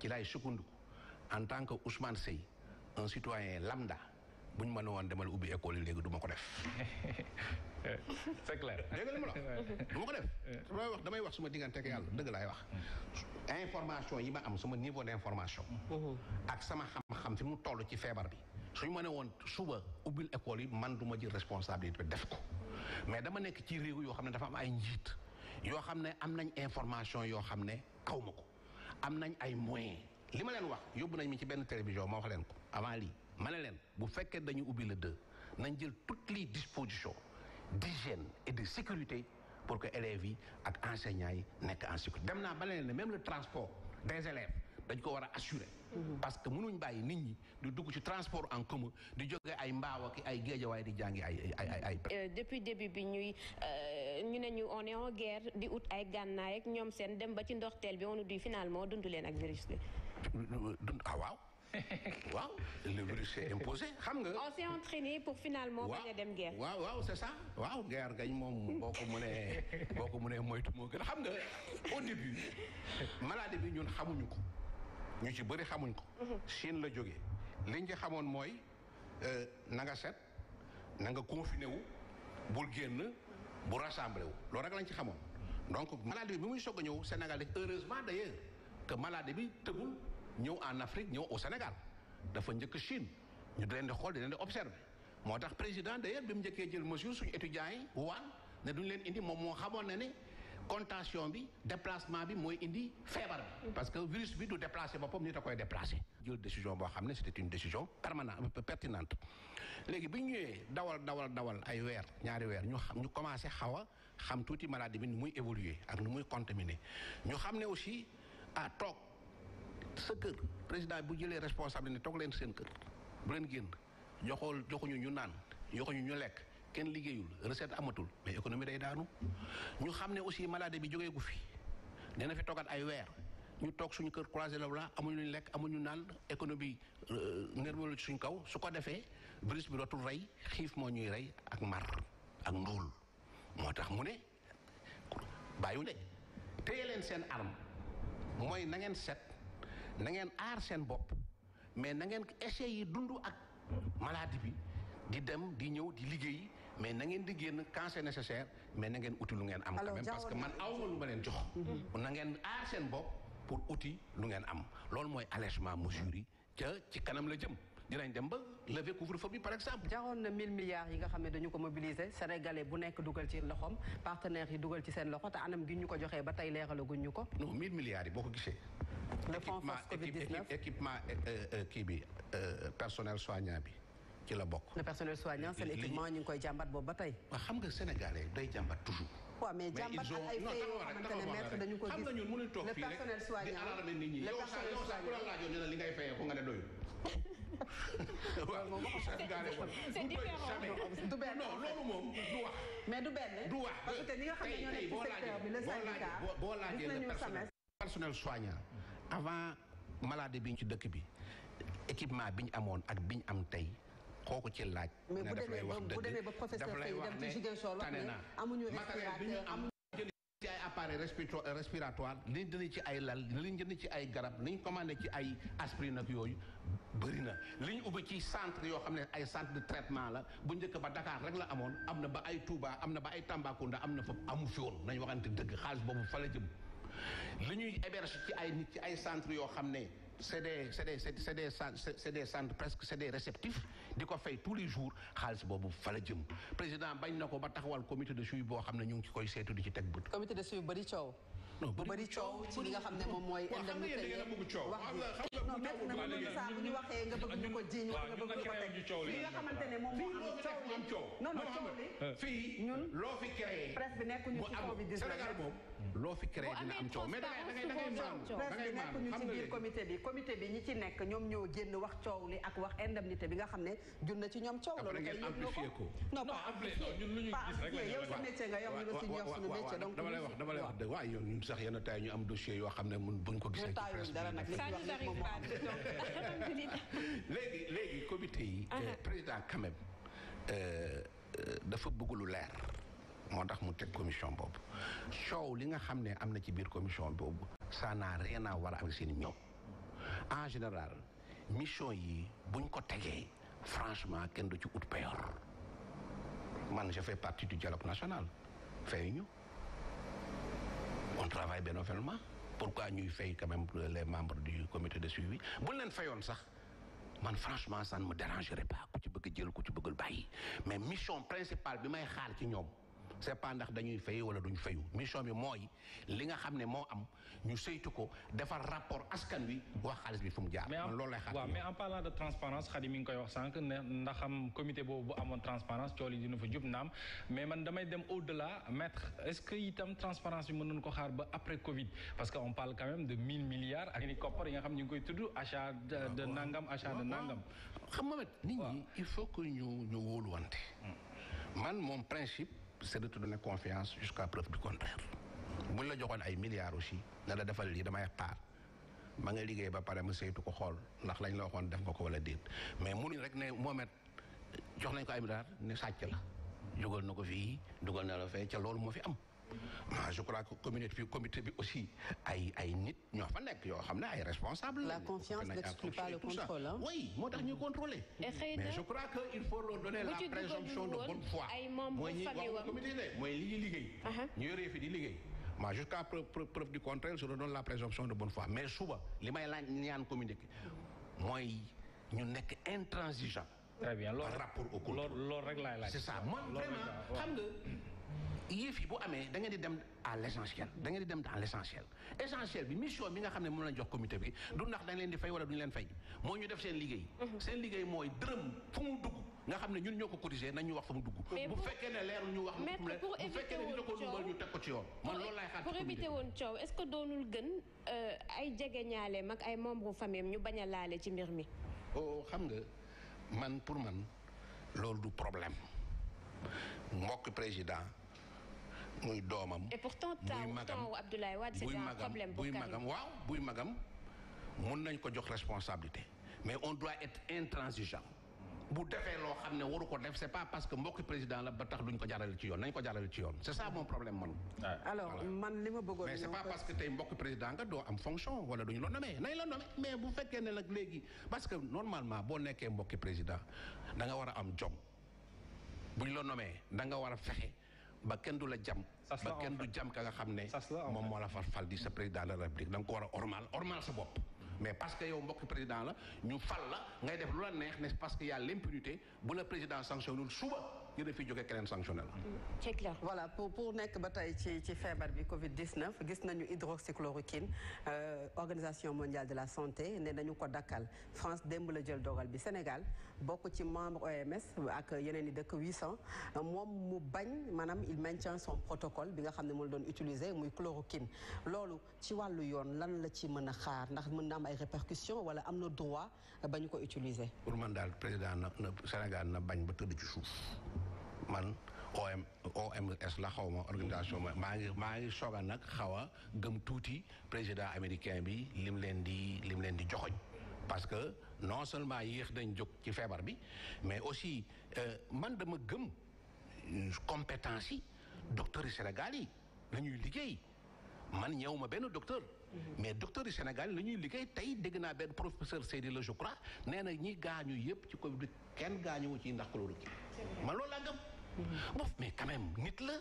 Speaker 1: ci lay sukkandiku. en tant que Ousmane Seye un citoyen lambda bu ñu ma mën woon demal ubbi école yi léegi duma ko def. (laughs) c'est (laughs) ma ko def. damay wax damay wax suma diggante ak yàlla dëgg laay wax. information yi ma am suma niveau d'information. Mm-hmm. ak sama xam-xam fi mu toll ci feebar bi. suñu ma a woon suba ubbil école yi man duma jël responsabilité def ko. mais dama nekk ci réew yoo xam ne dafa am ay njiit. yoo xam ne am nañ information yoo xam ne xaw ma ko. am nañ ay moyen li ma leen wax yóbbu nañ mi ci benn télévision ma wax leen ko avant lii ma ne leen bu fekkee dañu ubbi le deux nañ jël toutes les dispositions d'hygiène et de sécurité pour que élèves yi ak enseignants yi nekk en sécurité dem naa ba leen ne même le transport des élèves dañ ko war a assurer mhm. parce que mënuñ bàyyi nit ñi di dugg ci transport en commun di jóge ay mbaaw ak ay géejawaay di jàngi ay ay ay.
Speaker 4: Euh, depuis début bi ñuy euh, ñu ne ñu on est en guerre di ut ay gànnaay ak ñoom seen dem ba ci ndoxteel bi on nous dit finalement dund leen ak virus bi.
Speaker 1: ah waaw. (laughs) waaw le virus
Speaker 4: xam nga. on s'est entraîné pour finalement. bañ dem guerre waaw waaw c'est ça.
Speaker 1: waaw guerre gañ moom boo ko mënee boo ko mënee moytu moo gën xam nga au début maladie bi ñun xamuñu ko ñu ci bari xamuñ ko. Mhm. Chine la jógee liñ ci xamoon mooy euh, na nga set na nga confiné wu bul génn bu rassemblé wu loolu rek lañ ci xamoon donc maladie bi bi muy soog a ñëw Sénégal heureusement d'ailleurs que maladie bi tëbul. ñëw en Afrique ñëw au Sénégal dafa njëkk Chine ñu di leen di xool di leen di observé moo tax président d'ailleurs bi mu njëkkee jël mesure suñu étudiants yi waan ne duñu leen indi moom moo xamoon ne ne contention bi déplacement bi mooy indi feebar parce que virus bi du déplacé boppam nit a koy déplacé jël décision boo xam ne c'était une décision permanente euh, pertinente léegi bi ñu dawal dawal dawal ay weer ñaari weer ñu xam ñu commencé xaw a xam tuuti maladie bi nu muy évoluer ak nu muy contaminé ñu xam ne aussi ah, sa kër président bu jëlee responsable ne toog leen seen kër bu leen génn joxool joxuñu ñu naan joxuñu ñu lekk kenn liggéeyul recette amatul mais économie day daanu ñu xam ne aussi maladie bi jógeeku fi dina fi toogaat ay weer ñu toog suñu kër croisé la wala amuñu luñ lekk amuñu naan économie euh, nerveux ci suñ kaw su ko defee virus bi dootul rey xiif moo ñuy rey ak mar ak ndóol moo tax mu ne bàyyiwuñ de téye leen seen arme mooy na set na ngeen aar seen bopp mais na ngeen yi dund ak maladie bi di dem di ñëw di liggéey mais nangeen di génn quand c'est nécessaire mais na ngeen uti lu ngeen am. quand même parce que man aw ma leen jox. Mhm. na ngeen aar seen bopp pour uti lu ngeen am loolu mooy allègement mesures yi ca ci kanam la jëm. dinañ dem ba
Speaker 2: lever couvre-feu bi par exemple. jaroon na 1000 milliards yi nga xam ne dañu ko mobiliser sénégalais bu nekk dugal ci loxoom partenaires yi dugal ci seen loxo te anam gi ñu ko joxee ba tey leeralaguñ ñu ko. non 1000 milliards yi boo ko gisee
Speaker 1: le euh, euh, kii bi euh, personnel soignant bi
Speaker 2: ci la bokk. le personnel soignant seen équipement ñu ngi koy jàmbat boobu ba tey. waaw xam nga sénégalais day jàmbat toujours. waaw mais jàmbat ak ay fee yoo xamante nga ñun ku la
Speaker 4: laajoon ne
Speaker 1: la li (laughs) du benn loolu moom du wax. mais du benn. du wax parce que ñi nga xam ne ñoo nekk boo laajee boo laajee personnel soignant avant maladie bi ci dëkk bi équipement bi ñu amoon ak bi am tey kooku ci laaj. mais bu demee ba bu demee ba professeur Faye dem ci Ziguinchor wax ne amuñu respirateur ci ay appareil respiratoire li ñu ci ay lal li ñu jënd ci ay garab li ñu commandé ci ay aspirine ak yooyu bëri na li ñu ubbi ci centre yoo xam ne ay centre de traitement la bu njëkk ba dakaar rek la amoon am na ba ay Touba am na ba ay Tambacounda am na foofu amu fi woon nañu waxante dëgg xaalis boobu fa la jëm li ñuy héberge ci ay nit ci ay centres yoo xam ne c'est des c'est des c'est des c'est des centres presque c'est des réceptifs di ko fay tous les jours xaalis boobu fa la jëm président bañ na ko ba taxawal comité de suivi boo xam ne ñu ngi koy seetu di ci teg bët. comité
Speaker 2: de suivi bari coow. non bari ci li nga xam ne moom mooy. indemnité wax non mais nag moom saa ñu waxee nga bëgg ñu ko jiiñ nga bëgg ñu ko teg
Speaker 1: fii nga xamante ne moom moo am coow li non non coow li fii ñun loo fi créé presse bi loo fi créé dina am coow mais da ngay da ngay maanu da ngay
Speaker 2: maanu xam nga léegi bi comité bi ñi ci nekk ñoom ñoo génn wax coow li ak wax indemnité bi nga xam ne jur na ci ñoom coow loolu ngeen amplifié ko non non amplifié nga yow ñu la si ñor suñu métier lay wax dama lay wax
Speaker 1: dëgg waaye yoon ñun sax yenn tay ñu am dossier yoo xam ne mun buñ ko gisee ci dara nag (laughs) léegi léegi comité yi ah. euh, président euh, euh, dafa bëgg leer moo tax mu teg commission boobu soow li nga xam ne am na ci biir commission boobu ça n'a rien à voir avec seen ñoom en général mission yi buñ ko tegee franchement kenn du ci ut payor man je fais partie du dialogue national fay ñu on travaille bénévolement pourquoi ñuy fay quand même les membres du comité de suivi buñ leen fayoon sax man franchement ça ne me dérangerait ku ci bëgg jël ku ci bëgg bëggul bàyyi mais mission principale bi may xaal ci ñoom c'est pas ndax dañuy fay wala duñ fayu mission bi mooy li nga xam ne moo am ñu saytu ko defar rapport askan wi wax xaalis bi fu mu jaar. man lool lay xaar waaw mais
Speaker 3: en parlant de transparence xadi mi ngi koy wax sànq ne ndaxam comité boobu bu amoon transparence cool yi dina fa jub naam mais man damay dem au delà maître est-ce que itam transparence bi mën nañu ko xaar ba après Covid parce que on parle quand même de mille milliards ak ni koppar yi nga xam ñu ngi koy tudd achat de ah, nangam achat
Speaker 1: c'est de tourner confiance jusqu'à preuve du contraire buñ la joxoon ay milliards aussi ne la defal lii damay xaar ma nga liggéey ba pare ma saytu ko xool ndax lañu la waxoon def nga ko wala déet mais munuñ rek ne moomet jox nañ ko ay milliards ne sàcc la dugal na ko fii dugal na la fee ca loolu moo fi am Ah, je crois que communauté bi comité bi aussi ay ay nit ñoo fa nekk yoo xam ne ay responsable la confiance n'exclut pas le contrôle hein oui moo tax ñu contrôler mais je crois que il faut leur donner la présomption de bonne foi mooy ñi wax comité de mooy li ñuy liggéey uh-huh. ñu yoree fi di liggéey moi jusqu'à preuve du contraire je leur donne la présomption de bonne foi mais suba li may laaj ñaan communiqué mooy ñu nekk intransigeant très bien par rapport au contrôle loolu rek laay laaj c'est ça man vraiment xam nga yëf yi bu amee da ngeen di dem à l' essentiel da ngeen di dem dans l' essentiel essentiel bi mission bi nga xam ne mun lañ jox comité bi du ndax dañ leen di fay wala du leen fay moo ñu def seen liggéey mhm. seen liggéey mooy dërëm fu mu dugg nga xam ne ñun ñoo ko cotiser nañ ñu wax fa mu dugg bu fekkee ne leeru ñu wax bu fekkee ne ñu ko dugal ñu teg ko ci yoon
Speaker 4: man loolu laay xaar pour éviter woon coow est ce que doonul gën euh, ay jege ñaaleem ak ay membre ñu bañ a laale ci mbir mi
Speaker 1: o oh, xam nga man pour man loolu du problème mbokk président muy doomam.
Speaker 4: et pourtant taawu taawu Abdoulaye Wade c'est un problème buy magam waaw
Speaker 1: buy magam mun nañ ko jox responsabilité mais on doit être intransigeant. bu defee loo xam ne waru ko def c'est pas parce que mbokki président la ba tax duñ ko jaarale ci yoon nañ ko jaarale ci yoon c'est ça mon problème man. li ma bëggoon mais c'est pas parce que tey mbokki président nga doo am fonction wala duñ la nommer nañ la nommer mais bu fekkee ne nag léegi parce que normalement boo nekkee mbokki président da nga war a am jom buñ la da nga war a fexe. ba kenn du la jam ba kenn du jam ka nga xam ne moom moo la fal fal di sa président de la république da ko war a ormal ormal sa bopp mais parce que yow mbokk président la ñu fal la ngay def lu la neex ne parce que y a l'impunité bu la président sanctionnul suba yéen a fi jógee keneen sanctionné la.
Speaker 2: c'est voilà pour nekk ba tey ci ci feebar bi Covid 19 gis nañu hydroxychloroquine euh, organisation mondiale de la santé ne nañu ko dakkal France démb la jël dogal bi Sénégal. bokk ci membre OMS ak yeneen i dëkk 800 moom mu bañ maanaam il maintient son protocole bi nga xam ne moom la doon utiliser muy chloroquine loolu ci wàllu yoon lan la ci mën a xaar ndax mën na am ay répercussions wala am na droit bañ ko utiliser.
Speaker 1: pour man daal président na Sénégal na bañ ba tëdd ci suuf man OM OMS la xaw ma organisation ma maa ngi maa ngi soog nag xaw a gëm tuuti président américain bi lim leen di lim leen di joxoñ non seulement yéex dañ jóg ci feebar bi mais aussi euh, man dama gëm compétence yi docteurs yi Sénégal yi la ñuy liggéey man ñëw ma benn docteur. Mhm. mais docteur yi Sénégal la ñuy liggéey tey dégg naa benn professeur Seydi la je crois nee na ñi gaañu yëpp ci Covid bi kenn gaañuwu ci ndax chloroquine. man loolu laa gëm. Mhm. boof mais quand nit la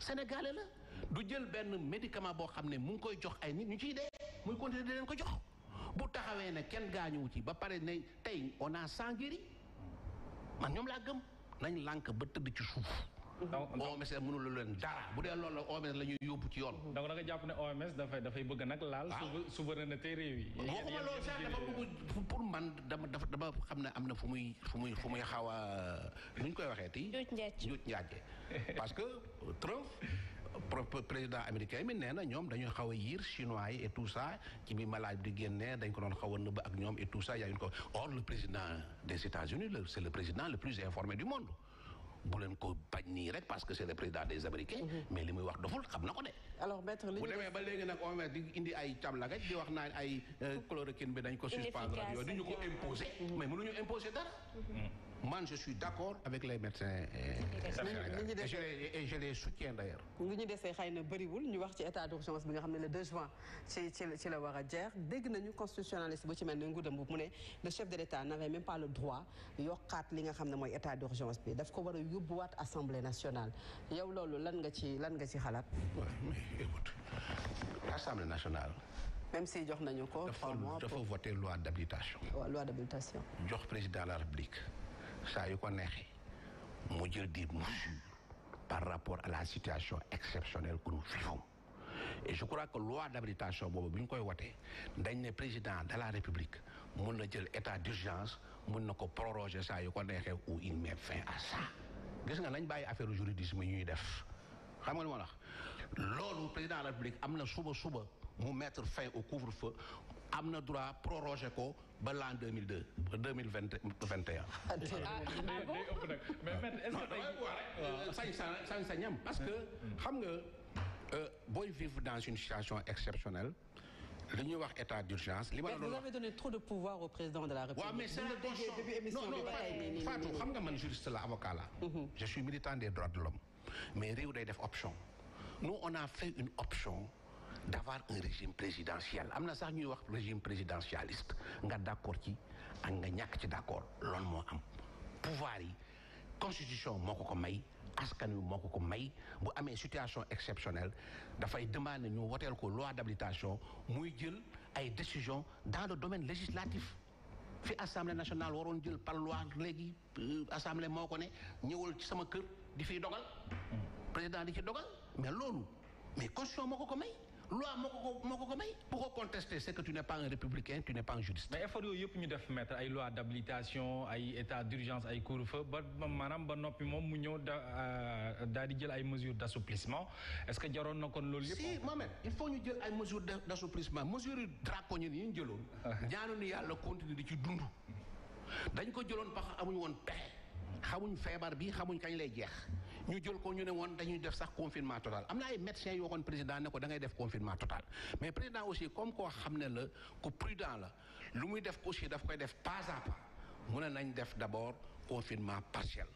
Speaker 1: sénégalais la du jël benn médicament boo xam ne mu ngi koy jox ay nit ñu ciy dee muy continuer di leen ko jox. bu taxawee ne kenn gaañuwu ci ba pare ne tey on a cent guéris man ñoom laa gëm nañ lànk ba tëdd ci suuf. OMS mënul leen dara bu
Speaker 3: dee loolu la OMS la ñuy yóbbu ci yoon. donc da jàpp ne OMS dafay dafay bëgg nag laal. waaw souveraineté
Speaker 1: réew yi. waxuma loolu sax pour man dama dafa dama xam ne am na fu muy fu muy fu muy xaw a nu koy waxee ti njuut njaaj njuut njaaj parce que euh, Trump. président américain mi nee ñoom dañuy xaw yiir chinois et tout ça ci bi malaaj di génnee dañ ko doon xaw nëbb ak ñoom et tout ça or le président des États-Unis le plus informé du monde bu leen ko bañ nii rek parce que c'est le président des Américains. Mm-hmm. mais li muy wax doful xam na ko de. bu demee ba léegi nag on di indi ay càmlaka di wax naan ay euh, chloroquine bi dañ ko suspendre ak di ñu ko imposer. Mm-hmm. mais mënuñu imposer dara. Mm-hmm. moi je suis d'accord avec les médecins. et je les soutiens d'ailleurs.
Speaker 2: ñu desee xëy na bëriwul ñu wax ci état d'urgence bi nga xam ne le 2 juin ci la war a jeex dégg nañu constitutionnaliste bu ci mel ne Ngouda Mboup mu ne le chef de l'État n'avait même pas le droit yokkaat li nga xam ne mooy état d'urgence bi daf ko war a yóbbuwaat assemblée nationale yow loolu lan nga ci lan nga ci xalaat. waaw mais écoute
Speaker 1: assemblée nationale.
Speaker 2: même si jox nañu ko.
Speaker 1: dafa dafa voter loi d'habilitation. waaw loi d'habilitation. jox président de la République. saa yu ko neexee mu jël des mesures par rapport à la situation exceptionnelle que nous vivons et je que loi d'habilitation boobu bi ñu koy wotee dañ ne président de la république mun na jël état d'urgence mun na ko proroger saa yu ko neexee ou il met fin à ça gis nga nañ bàyyi affaire juridisme yi ñuy def xam nga lu ma wax loolu président de la république am na suba suba mu mettre fin au couvre-feu am na droit proroger ko ba l'an deux mille deux ba deux mille vingt ah, vingt et un. ah, ah mais mais est-ce que euh, sañ sañ sañam parce que xam nga euh, booy vivre dans une situation exceptionnelle. li ñuy wax état d'urgence li ma la doon wax mais vous
Speaker 2: avez donné trop de pouvoir au président de la République. waaw mais c'est la question non non Fatou xam
Speaker 1: nga man juriste la avocat la. Mhm. je suis militant des droits de l'homme mais réew day def option. nous on a fait une option. d'avoir un régime présidentiel am na sax ñuy wax régime présidentialiste nga d'accord ci ak nga ñàkk ci d'accord loolu moo am pouvoir yi constitution moo ko ko may askan wi moo ko ko may bu amee situation exceptionnelle dafay demande ñu woteel ko loi d'habilitation muy jël ay décisions dans le domaine législatif fi assemblée nationale waroon jël par loi léegi euh, assemblée moo ko ne ñëwal ci sama kër di fiy dogal président di ci dogal mais loolu mais loi moo ko ko moo ko ko may pour ko contester c'est que tu n'es pas un républicain tu n'es pas un juriste.
Speaker 3: mais effort yooyu yëpp ñu def mettre ay loi d'habilitation ay état d'urgence ay couvre-feu ba maanaam ba noppi moom mu ñëw da euh, daal di jël ay mesures d'assouplissement est-ce que jaroon na kon loolu
Speaker 1: yëpp. si Mohamed il faut ñu jël ay mesures d'assouplissement mesures yu draconiennes yi ñu jëloon. (laughs) ñaanu ni yàlla continuer di ci dund. dañ ko jëloon parce amuñu woon pexe feebar bi xamuñ kañ lay jeex. ñu jël ko ñu ne woon dañuy def sax confinement total am na ay médecins yoo waxoon président ne ko da ngay def confinement total mais président aussi comme koo xam ne la ku prudent la lu muy def aussi daf koy def pas à pas mu ne nañ def d'abord confinement partiel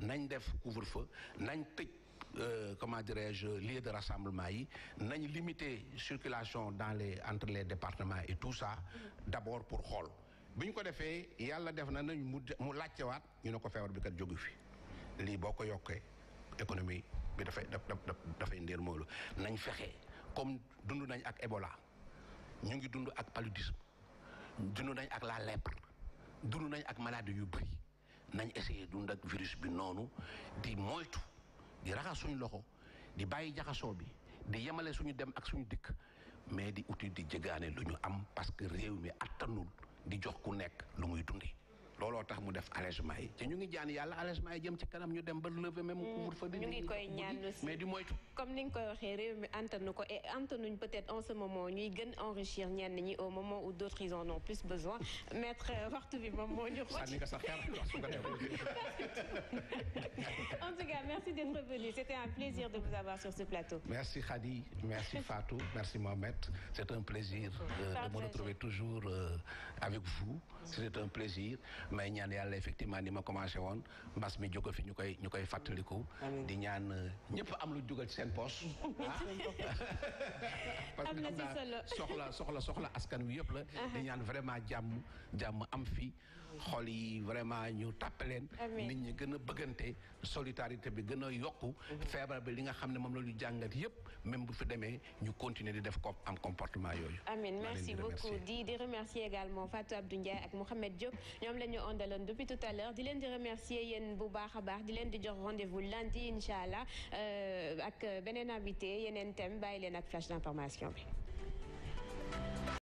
Speaker 1: nañ def couvre-feu nañ tëj Euh, comment dirais-je lieu de rassemblement yi nañ limiter circulation dans les entre les départements et tout ça d'abord pour xool bi ñu ko defee yàlla def na nañ mu mu laajtewaat ñu ne ko feebar bi kat jógu fi lii boo ko yokkee économie bi dafay da dafay ndéer nañ fexe comme dund nañ ak Ebola ñu ngi dund ak paludisme dund nañ ak la lèpre dund nañ ak maladie yu bëri nañ essayer dund ak virus bi noonu di moytu di raxas suñu loxo di bàyyi jaxasoo bi di yemale suñu dem ak suñu dikk mais di uti di jëgaane lu ñu am parce que réew mi attanul di jox ku nekk lu muy dundee. looloo tax mu def allègement yi te ñu ngi jaan yàlla allègement yi jëm ci kanam ñu dem ba lever même mm. couvre-feu bi ñu ngi koy ñaan aussi mais di moytu
Speaker 4: comme ni nga koy waxee réew ko e antanuñ peut-être en ce moment ñuy gën enrichir ñenn ñi au moment où d'autres ils en ont plus besoin euh, (laughs)
Speaker 2: (laughs)
Speaker 4: merci d'être venu c'était un plaisir de vous avoir sur ce plateau
Speaker 1: merci Khady merci Fatou merci Mohamed c'est un plaisir euh, de me retrouver toujours euh, avec vous mm. c'est un may ñaan yàlla effectivement ni ma commencé woon mbas mi jóge fi ñu koy ñu koy fàttaliku. di ñaan euh, ñëpp am lu jógal ci seen poche.
Speaker 4: (laughs) (laughs)
Speaker 1: parce que xam naa soxla soxla askan wi yëpp la. di ñaan vraiment jàmm jàmm am fi xool yi vraiment ñu tàppe leen nit ñi gën a bëggante solidarité bi gën a yokku mhm. feebar bi li nga xam ne moom la ñu jàngat yépp même bu fi demee ñu continuer di def ko am comportement yooyu
Speaker 4: amiin merci beaucoup di di remercier également Fatou Abdou Ndiaye ak Mouhamed Diop ñoom la ñu ondaloon depuis tout à l'heure di leen di remercier yéen bu baax a baax di leen di jox rendez-vous lundi incha allah euh, ak beneen invité yeneen thème bàyyi leen ak flash d'information bi